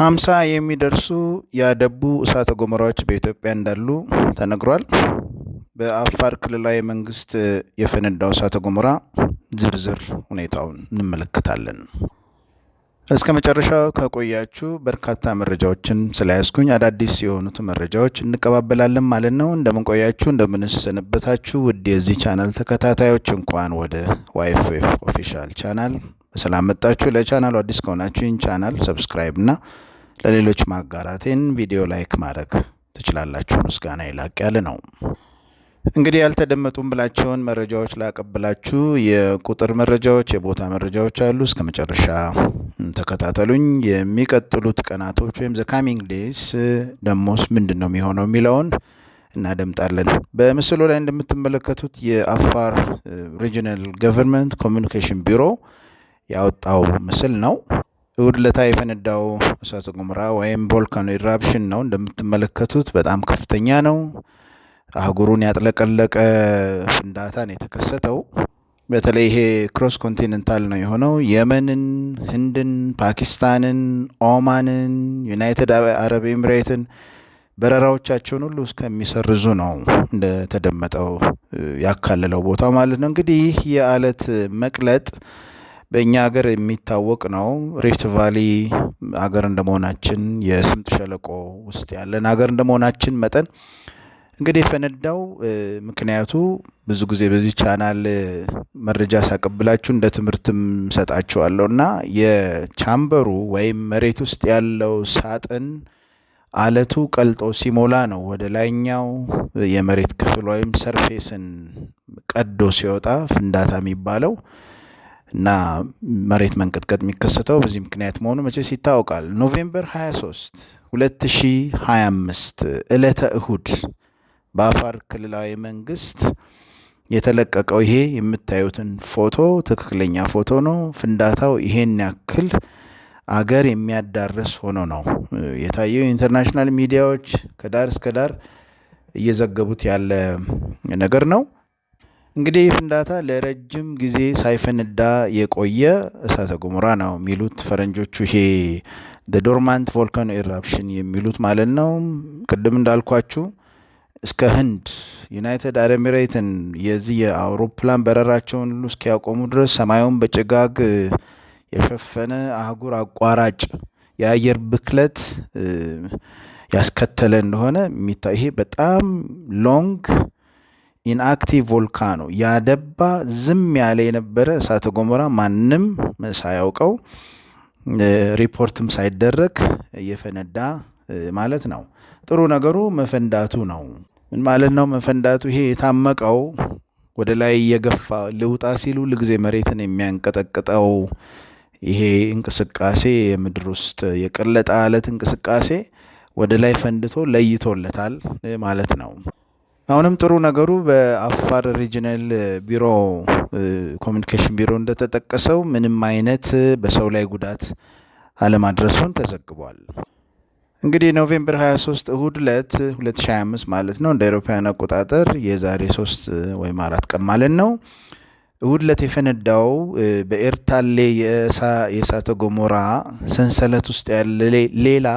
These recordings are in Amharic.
ሀምሳ የሚደርሱ ያደቡ እሳተ ገሞራዎች በኢትዮጵያ እንዳሉ ተነግሯል። በአፋር ክልላዊ መንግስት የፈነዳው እሳተ ገሞራ ዝርዝር ሁኔታውን እንመለከታለን። እስከ መጨረሻው ከቆያችሁ በርካታ መረጃዎችን ስለያዝኩኝ አዳዲስ የሆኑት መረጃዎች እንቀባበላለን ማለት ነው። እንደምንቆያችሁ እንደምንሰነበታችሁ ውድ የዚህ ቻናል ተከታታዮች እንኳን ወደ ዋይፍ ኦፊሻል ቻናል በሰላም መጣችሁ። ለቻናሉ አዲስ ከሆናችሁን ቻናል ሰብስክራይብ እና ለሌሎች ማጋራቴን ቪዲዮ ላይክ ማድረግ ትችላላችሁ። ምስጋና ይላቅ ያለ ነው። እንግዲህ ያልተደመጡም ብላቸውን መረጃዎች ላቀብላችሁ። የቁጥር መረጃዎች፣ የቦታ መረጃዎች አሉ። እስከ መጨረሻ ተከታተሉኝ። የሚቀጥሉት ቀናቶች ወይም ዘካሚንግ ካሚንግ ዴይስ ደሞስ ምንድን ነው የሚሆነው የሚለውን እናደምጣለን። በምስሉ ላይ እንደምትመለከቱት የአፋር ሪጂናል ገቨርንመንት ኮሚኒኬሽን ቢሮ ያወጣው ምስል ነው። እሁድ ለታ የፈነዳው እሳተ ገሞራ ወይም ቮልካኖ ኢራፕሽን ነው። እንደምትመለከቱት በጣም ከፍተኛ ነው። አህጉሩን ያጥለቀለቀ ፍንዳታ ነው የተከሰተው። በተለይ ይሄ ክሮስ ኮንቲኔንታል ነው የሆነው። የመንን፣ ህንድን፣ ፓኪስታንን፣ ኦማንን፣ ዩናይትድ አረብ ኤምሬትን በረራዎቻቸውን ሁሉ እስከሚሰርዙ ነው እንደተደመጠው ያካለለው ቦታው ማለት ነው። እንግዲህ ይህ የአለት መቅለጥ በእኛ ሀገር የሚታወቅ ነው። ሪፍት ቫሊ ሀገር እንደመሆናችን የስምጥ ሸለቆ ውስጥ ያለን ሀገር እንደመሆናችን መጠን እንግዲህ የፈነዳው ምክንያቱ ብዙ ጊዜ በዚህ ቻናል መረጃ ሳቀብላችሁ እንደ ትምህርትም ሰጣችኋለሁ እና የቻምበሩ ወይም መሬት ውስጥ ያለው ሳጥን አለቱ ቀልጦ ሲሞላ ነው ወደ ላይኛው የመሬት ክፍል ወይም ሰርፌስን ቀዶ ሲወጣ ፍንዳታ የሚባለው። እና መሬት መንቀጥቀጥ የሚከሰተው በዚህ ምክንያት መሆኑ መቼስ ይታወቃል። ኖቬምበር 23 2025 ዕለተ እሁድ በአፋር ክልላዊ መንግስት የተለቀቀው ይሄ የምታዩትን ፎቶ ትክክለኛ ፎቶ ነው። ፍንዳታው ይሄን ያክል አገር የሚያዳርስ ሆኖ ነው የታየው። የኢንተርናሽናል ሚዲያዎች ከዳር እስከ ዳር እየዘገቡት ያለ ነገር ነው። እንግዲህ ይህ ፍንዳታ ለረጅም ጊዜ ሳይፈነዳ የቆየ እሳተ ገሞራ ነው የሚሉት ፈረንጆቹ። ይሄ ዶርማንት ቮልካኖ ኤራፕሽን የሚሉት ማለት ነው። ቅድም እንዳልኳችሁ እስከ ህንድ ዩናይትድ አረብ ኤሚሬትን የዚህ የአውሮፕላን በረራቸውን ሁሉ እስኪያቆሙ ድረስ ሰማዩን በጭጋግ የሸፈነ አህጉር አቋራጭ የአየር ብክለት ያስከተለ እንደሆነ ይሄ በጣም ሎንግ ኢንአክቲቭ ቮልካኖ ያደባ ዝም ያለ የነበረ እሳተ ገሞራ ማንም ሳያውቀው ሪፖርትም ሳይደረግ እየፈነዳ ማለት ነው። ጥሩ ነገሩ መፈንዳቱ ነው። ምን ማለት ነው መፈንዳቱ? ይሄ የታመቀው ወደ ላይ እየገፋ ልውጣ ሲሉ ልጊዜ መሬትን የሚያንቀጠቅጠው ይሄ እንቅስቃሴ የምድር ውስጥ የቀለጠ አለት እንቅስቃሴ ወደ ላይ ፈንድቶ ለይቶለታል ማለት ነው። አሁንም ጥሩ ነገሩ በአፋር ሪጅናል ቢሮ ኮሚኒኬሽን ቢሮ እንደተጠቀሰው ምንም አይነት በሰው ላይ ጉዳት አለማድረሱን ተዘግቧል። እንግዲህ ኖቬምበር 23 እሁድ ዕለት 2025 ማለት ነው እንደ አውሮፓውያን አቆጣጠር የዛሬ 3 ወይም አራት ቀን ማለት ነው። እሁድ ዕለት የፈነዳው በኤርታሌ የእሳተ ገሞራ ሰንሰለት ውስጥ ያለ ሌላ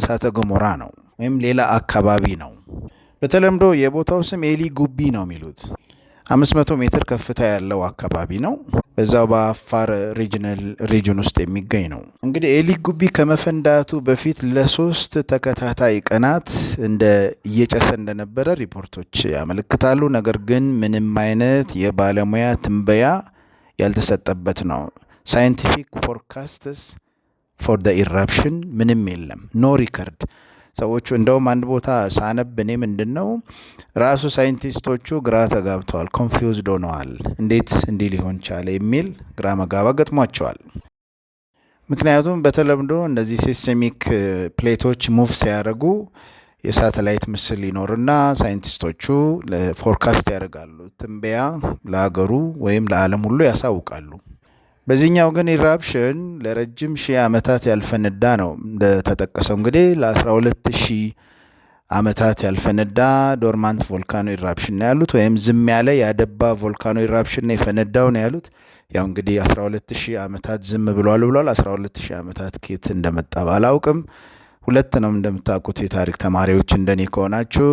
እሳተ ገሞራ ነው ወይም ሌላ አካባቢ ነው። በተለምዶ የቦታው ስም ኤሊ ጉቢ ነው የሚሉት። 500 ሜትር ከፍታ ያለው አካባቢ ነው። በዛው በአፋር ሪጅናል ሪጅን ውስጥ የሚገኝ ነው። እንግዲህ ኤሊ ጉቢ ከመፈንዳቱ በፊት ለሶስት ተከታታይ ቀናት እንደ እየጨሰ እንደነበረ ሪፖርቶች ያመለክታሉ። ነገር ግን ምንም አይነት የባለሙያ ትንበያ ያልተሰጠበት ነው። ሳይንቲፊክ ፎርካስትስ ፎር ኢራፕሽን ምንም የለም። ኖ ሪከርድ ሰዎቹ እንደውም አንድ ቦታ ሳነብ እኔ ምንድን ነው ራሱ ሳይንቲስቶቹ ግራ ተጋብተዋል፣ ኮንፊውዝድ ሆነዋል። እንዴት እንዲህ ሊሆን ቻለ የሚል ግራ መጋባ ገጥሟቸዋል። ምክንያቱም በተለምዶ እነዚህ ሲስሚክ ፕሌቶች ሙቭ ሲያደርጉ የሳተላይት ምስል ይኖርና ሳይንቲስቶቹ ፎርካስት ያደርጋሉ፣ ትንበያ ለሀገሩ ወይም ለዓለም ሁሉ ያሳውቃሉ። በዚህኛው ግን ኢራፕሽን ለረጅም ሺህ ዓመታት ያልፈነዳ ነው። እንደተጠቀሰው እንግዲህ ለ12 ሺህ ዓመታት ያልፈነዳ ዶርማንት ቮልካኖ ኢራፕሽን ነው ያሉት፣ ወይም ዝም ያለ ያደባ ቮልካኖ ኢራፕሽን ነው የፈነዳው ነው ያሉት። ያው እንግዲህ 12 ሺህ ዓመታት ዝም ብሏል ብሏል። 12 ሺህ ዓመታት ኬት እንደመጣ ባላውቅም ሁለት ነው እንደምታውቁት የታሪክ ተማሪዎች እንደኔ ከሆናችሁ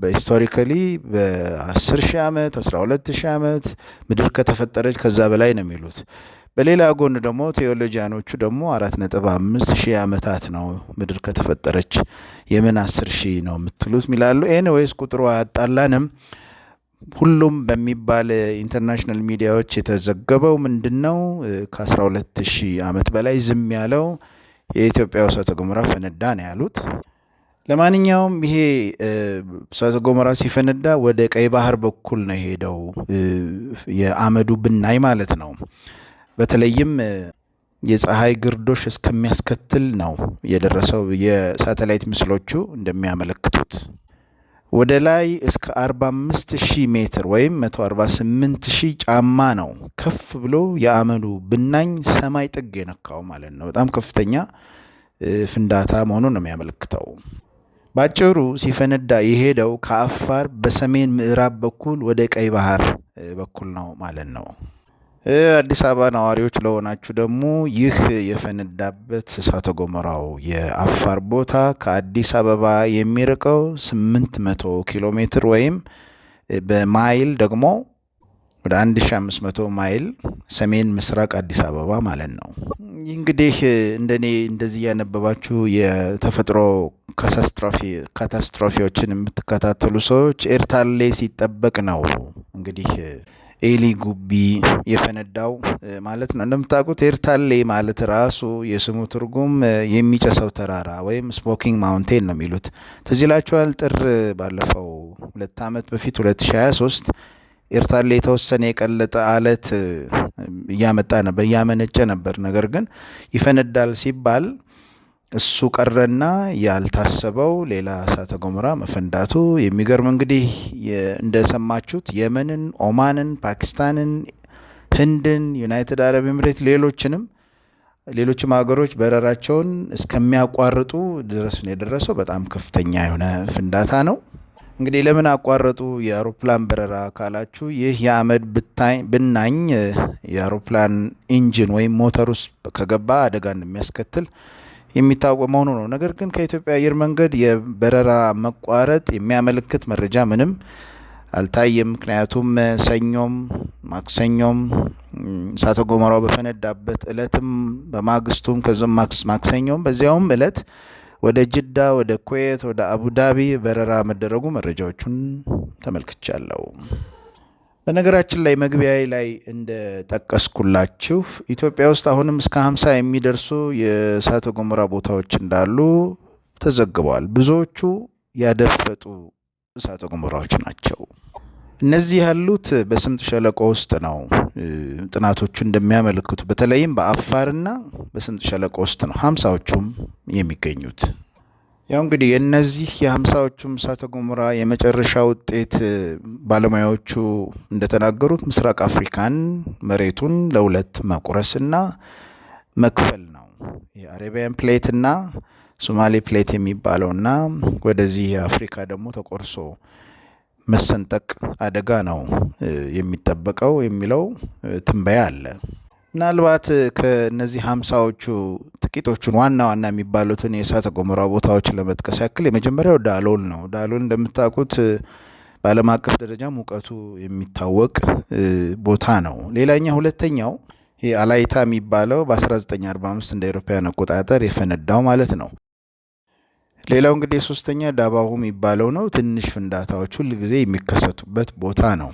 በሂስቶሪካሊ በ10 ሺህ ዓመት 12 ሺህ ዓመት ምድር ከተፈጠረች ከዛ በላይ ነው የሚሉት። በሌላ ጎን ደግሞ ቴዎሎጂያኖቹ ደግሞ አራት ነጥብ አምስት ሺህ ዓመታት ነው ምድር ከተፈጠረች የምን አስር ሺህ ነው የምትሉት ሚላሉ። ወይስ ቁጥሩ አያጣላንም። ሁሉም በሚባል ኢንተርናሽናል ሚዲያዎች የተዘገበው ምንድን ነው? ከ12 ሺህ ዓመት በላይ ዝም ያለው የኢትዮጵያ እሳተ ገሞራ ፈነዳ ነው ያሉት። ለማንኛውም ይሄ እሳተ ገሞራ ሲፈነዳ ወደ ቀይ ባህር በኩል ነው የሄደው የአመዱ ብናይ ማለት ነው። በተለይም የፀሐይ ግርዶሽ እስከሚያስከትል ነው የደረሰው የሳተላይት ምስሎቹ እንደሚያመለክቱት። ወደ ላይ እስከ 45000 ሜትር ወይም 148000 ጫማ ነው ከፍ ብሎ የአመሉ ብናኝ ሰማይ ጥግ የነካው ማለት ነው። በጣም ከፍተኛ ፍንዳታ መሆኑን ነው የሚያመለክተው። ባጭሩ ሲፈነዳ የሄደው ከአፋር በሰሜን ምዕራብ በኩል ወደ ቀይ ባህር በኩል ነው ማለት ነው። አዲስ አበባ ነዋሪዎች ለሆናችሁ ደግሞ ይህ የፈነዳበት እሳተ ገሞራው የአፋር ቦታ ከአዲስ አበባ የሚርቀው 800 ኪሎ ሜትር ወይም በማይል ደግሞ ወደ 1500 ማይል ሰሜን ምስራቅ አዲስ አበባ ማለት ነው። እንግዲህ እንደኔ እንደዚህ ያነበባችሁ የተፈጥሮ ካታስትሮፊዎችን የምትከታተሉ ሰዎች ኤርታሌ ሲጠበቅ ነው እንግዲህ ኤሊ ጉቢ የፈነዳው ማለት ነው። እንደምታውቁት ኤርታሌ ማለት ራሱ የስሙ ትርጉም የሚጨሰው ተራራ ወይም ስሞኪንግ ማውንቴን ነው የሚሉት። ትዝ ይላችኋል። ጥር ባለፈው ሁለት ዓመት በፊት 2023 ኤርታሌ የተወሰነ የቀለጠ አለት እያመጣ ነበር እያመነጨ ነበር። ነገር ግን ይፈነዳል ሲባል እሱ ቀረና ያልታሰበው ሌላ እሳተ ገሞራ መፈንዳቱ የሚገርም እንግዲህ እንደሰማችሁት የመንን፣ ኦማንን፣ ፓኪስታንን፣ ህንድን፣ ዩናይትድ አረብ ኤምሬት ሌሎችንም ሌሎችም ሀገሮች በረራቸውን እስከሚያቋርጡ ድረስ ነው የደረሰው። በጣም ከፍተኛ የሆነ ፍንዳታ ነው። እንግዲህ ለምን አቋረጡ የአውሮፕላን በረራ ካላችሁ፣ ይህ የአመድ ብናኝ የአውሮፕላን ኢንጂን ወይም ሞተር ውስጥ ከገባ አደጋ እንደሚያስከትል የሚታወቅ መሆኑ ነው። ነገር ግን ከኢትዮጵያ አየር መንገድ የበረራ መቋረጥ የሚያመለክት መረጃ ምንም አልታየም። ምክንያቱም ሰኞም ማክሰኞም እሳተ ገሞራው በፈነዳበት እለትም በማግስቱም ከዚም ማክሰኞም በዚያውም እለት ወደ ጅዳ፣ ወደ ኩዌት፣ ወደ አቡዳቢ በረራ መደረጉ መረጃዎቹን ተመልክቻለሁ። በነገራችን ላይ መግቢያ ላይ እንደጠቀስኩላችሁ ኢትዮጵያ ውስጥ አሁንም እስከ ሀምሳ የሚደርሱ የእሳተ ገሞራ ቦታዎች እንዳሉ ተዘግበዋል። ብዙዎቹ ያደፈጡ እሳተ ገሞራዎች ናቸው። እነዚህ ያሉት በስምጥ ሸለቆ ውስጥ ነው። ጥናቶቹ እንደሚያመለክቱ በተለይም በአፋርና በስምጥ ሸለቆ ውስጥ ነው ሀምሳዎቹም የሚገኙት። ያው እንግዲህ የእነዚህ የሀምሳዎቹም እሳተ ገሞራ የመጨረሻ ውጤት ባለሙያዎቹ እንደተናገሩት ምስራቅ አፍሪካን መሬቱን ለሁለት መቁረስና መክፈል ነው። የአሬቢያን ፕሌትና ሶማሌ ፕሌት የሚባለውና ወደዚህ የአፍሪካ ደግሞ ተቆርሶ መሰንጠቅ አደጋ ነው የሚጠበቀው የሚለው ትንበያ አለ። ምናልባት ከነዚህ ሀምሳዎቹ ጥቂቶቹን ዋና ዋና የሚባሉትን የእሳተ ገሞራ ቦታዎች ለመጥቀስ ያክል የመጀመሪያው ዳሎል ነው። ዳሎል እንደምታውቁት በዓለም አቀፍ ደረጃ ሙቀቱ የሚታወቅ ቦታ ነው። ሌላኛ ሁለተኛው አላይታ የሚባለው በ1945 እንደ አውሮፓውያን አቆጣጠር የፈነዳው ማለት ነው። ሌላው እንግዲህ ሶስተኛ ዳባሁ የሚባለው ነው። ትንሽ ፍንዳታዎች ሁልጊዜ የሚከሰቱበት ቦታ ነው።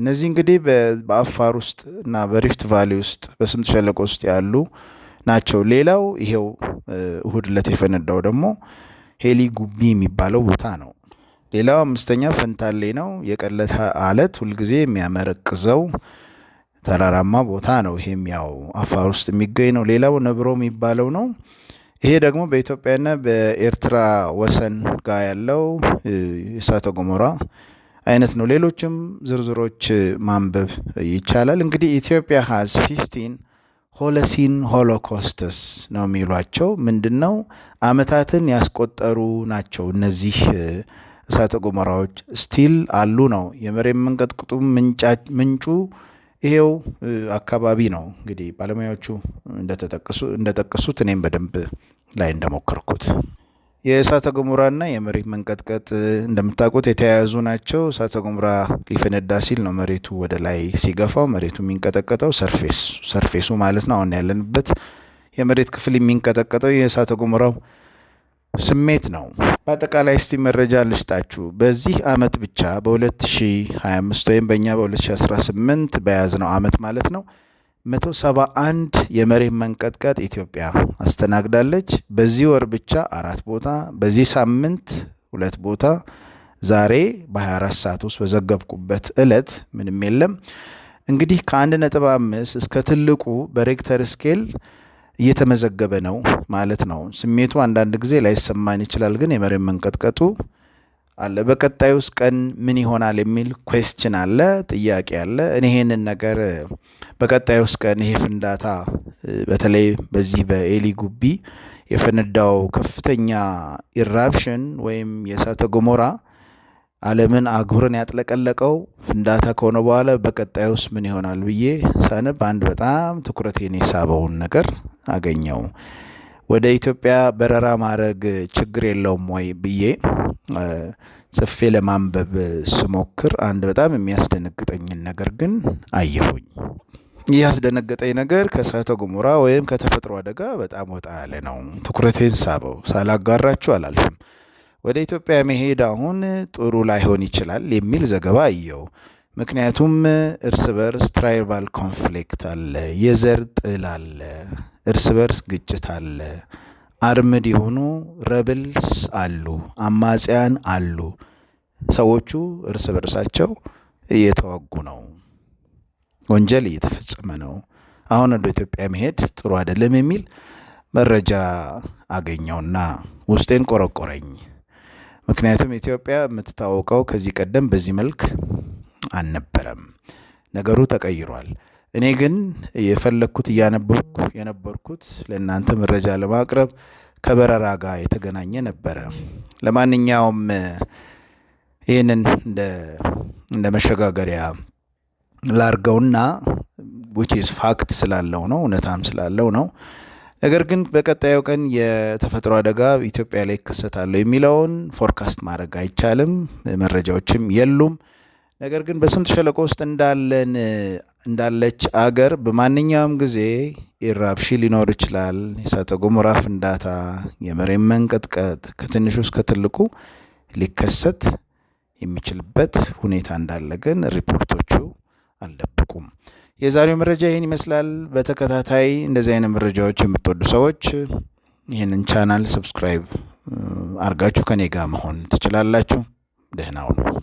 እነዚህ እንግዲህ በአፋር ውስጥ እና በሪፍት ቫሊ ውስጥ በስምጥ ሸለቆ ውስጥ ያሉ ናቸው። ሌላው ይሄው እሁድ ዕለት የፈነዳው ደግሞ ሄሊ ጉቢ የሚባለው ቦታ ነው። ሌላው አምስተኛ ፈንታሌ ነው። የቀለተ አለት ሁልጊዜ የሚያመረቅዘው ተራራማ ቦታ ነው። ይሄም ያው አፋር ውስጥ የሚገኝ ነው። ሌላው ነብሮ የሚባለው ነው። ይሄ ደግሞ በኢትዮጵያና በኤርትራ ወሰን ጋር ያለው እሳተ ገሞራ አይነት ነው። ሌሎችም ዝርዝሮች ማንበብ ይቻላል። እንግዲህ ኢትዮጵያ ሀዝ ፊፍቲን ሆለሲን ሆሎኮስትስ ነው የሚሏቸው። ምንድን ነው አመታትን ያስቆጠሩ ናቸው እነዚህ እሳተ ገሞራዎች ስቲል አሉ ነው። የመሬት መንቀጥቅጡ ምንጩ ይሄው አካባቢ ነው። እንግዲህ ባለሙያዎቹ እንደተጠቀሱት እኔም በደንብ ላይ እንደሞከርኩት የእሳተ ገሞራና የመሬት መንቀጥቀጥ እንደምታውቁት የተያያዙ ናቸው። እሳተ ገሞራ ሊፈነዳ ሲል ነው መሬቱ ወደ ላይ ሲገፋው መሬቱ የሚንቀጠቀጠው ሰርፌስ ሰርፌሱ ማለት ነው። አሁን ያለንበት የመሬት ክፍል የሚንቀጠቀጠው የእሳተ ገሞራው ስሜት ነው። በአጠቃላይ እስቲ መረጃ ልስጣችሁ። በዚህ አመት ብቻ በ2025 ወይም በእኛ በ2018 በያዝነው አመት ማለት ነው 171 የመሬት መንቀጥቀጥ ኢትዮጵያ አስተናግዳለች። በዚህ ወር ብቻ አራት ቦታ፣ በዚህ ሳምንት ሁለት ቦታ። ዛሬ በ24 ሰዓት ውስጥ በዘገብኩበት ዕለት ምንም የለም። እንግዲህ ከ1.5 እስከ ትልቁ በሬክተር ስኬል እየተመዘገበ ነው ማለት ነው። ስሜቱ አንዳንድ ጊዜ ላይሰማን ይችላል፣ ግን የመሬት መንቀጥቀጡ አለ። ውስጥ ቀን ምን ይሆናል የሚል ኩዌስችን አለ፣ ጥያቄ አለ። እኔ ይሄንን ነገር በቀጣዩስ ቀን ይሄ ፍንዳታ በተለይ በዚህ በኤሊ ጉቢ የፈነዳው ከፍተኛ ኢራፕሽን ወይም የእሳተ ገሞራ ዓለምን አጉርን ያጥለቀለቀው ፍንዳታ ከሆነ በኋላ ውስጥ ምን ይሆናል ብዬ ሳነብ አንድ በጣም ትኩረቴን የሳበውን ነገር አገኘው። ወደ ኢትዮጵያ በረራ ማድረግ ችግር የለውም ወይ ብዬ ጽፌ ለማንበብ ስሞክር አንድ በጣም የሚያስደነግጠኝን ነገር ግን አየሁኝ። ይህ ያስደነገጠኝ ነገር ከእሳተ ገሞራ ወይም ከተፈጥሮ አደጋ በጣም ወጣ ያለ ነው። ትኩረቴን ሳበው። ሳላጋራችሁ አላልፍም። ወደ ኢትዮጵያ መሄድ አሁን ጥሩ ላይሆን ይችላል የሚል ዘገባ አየው። ምክንያቱም እርስ በርስ ትራይባል ኮንፍሊክት አለ፣ የዘር ጥል አለ፣ እርስ በርስ ግጭት አለ። አርምድ የሆኑ ረብልስ አሉ፣ አማጽያን አሉ። ሰዎቹ እርስ በርሳቸው እየተዋጉ ነው። ወንጀል እየተፈጸመ ነው። አሁን ወደ ኢትዮጵያ መሄድ ጥሩ አይደለም የሚል መረጃ አገኘውና ውስጤን ቆረቆረኝ። ምክንያቱም ኢትዮጵያ የምትታወቀው ከዚህ ቀደም በዚህ መልክ አልነበረም። ነገሩ ተቀይሯል። እኔ ግን የፈለግኩት እያነበብኩ የነበርኩት ለእናንተ መረጃ ለማቅረብ ከበረራ ጋር የተገናኘ ነበረ። ለማንኛውም ይህንን እንደ መሸጋገሪያ ላርገውና ዊች ኢዝ ፋክት ስላለው ነው እውነታም ስላለው ነው። ነገር ግን በቀጣዩ ቀን የተፈጥሮ አደጋ ኢትዮጵያ ላይ ይከሰታለሁ የሚለውን ፎርካስት ማድረግ አይቻልም፣ መረጃዎችም የሉም። ነገር ግን በስምጥ ሸለቆ ውስጥ እንዳለን እንዳለች አገር በማንኛውም ጊዜ ኢራብሺ ሊኖር ይችላል። የእሳተ ገሞራ ፍንዳታ፣ የመሬት መንቀጥቀጥ ከትንሹ እስከ ትልቁ ሊከሰት የሚችልበት ሁኔታ እንዳለ ግን ሪፖርቶቹ አልደበቁም። የዛሬው መረጃ ይህን ይመስላል። በተከታታይ እንደዚህ አይነት መረጃዎች የምትወዱ ሰዎች ይህንን ቻናል ሰብስክራይብ አርጋችሁ ከኔ ጋር መሆን ትችላላችሁ። ደህና ሁኑ።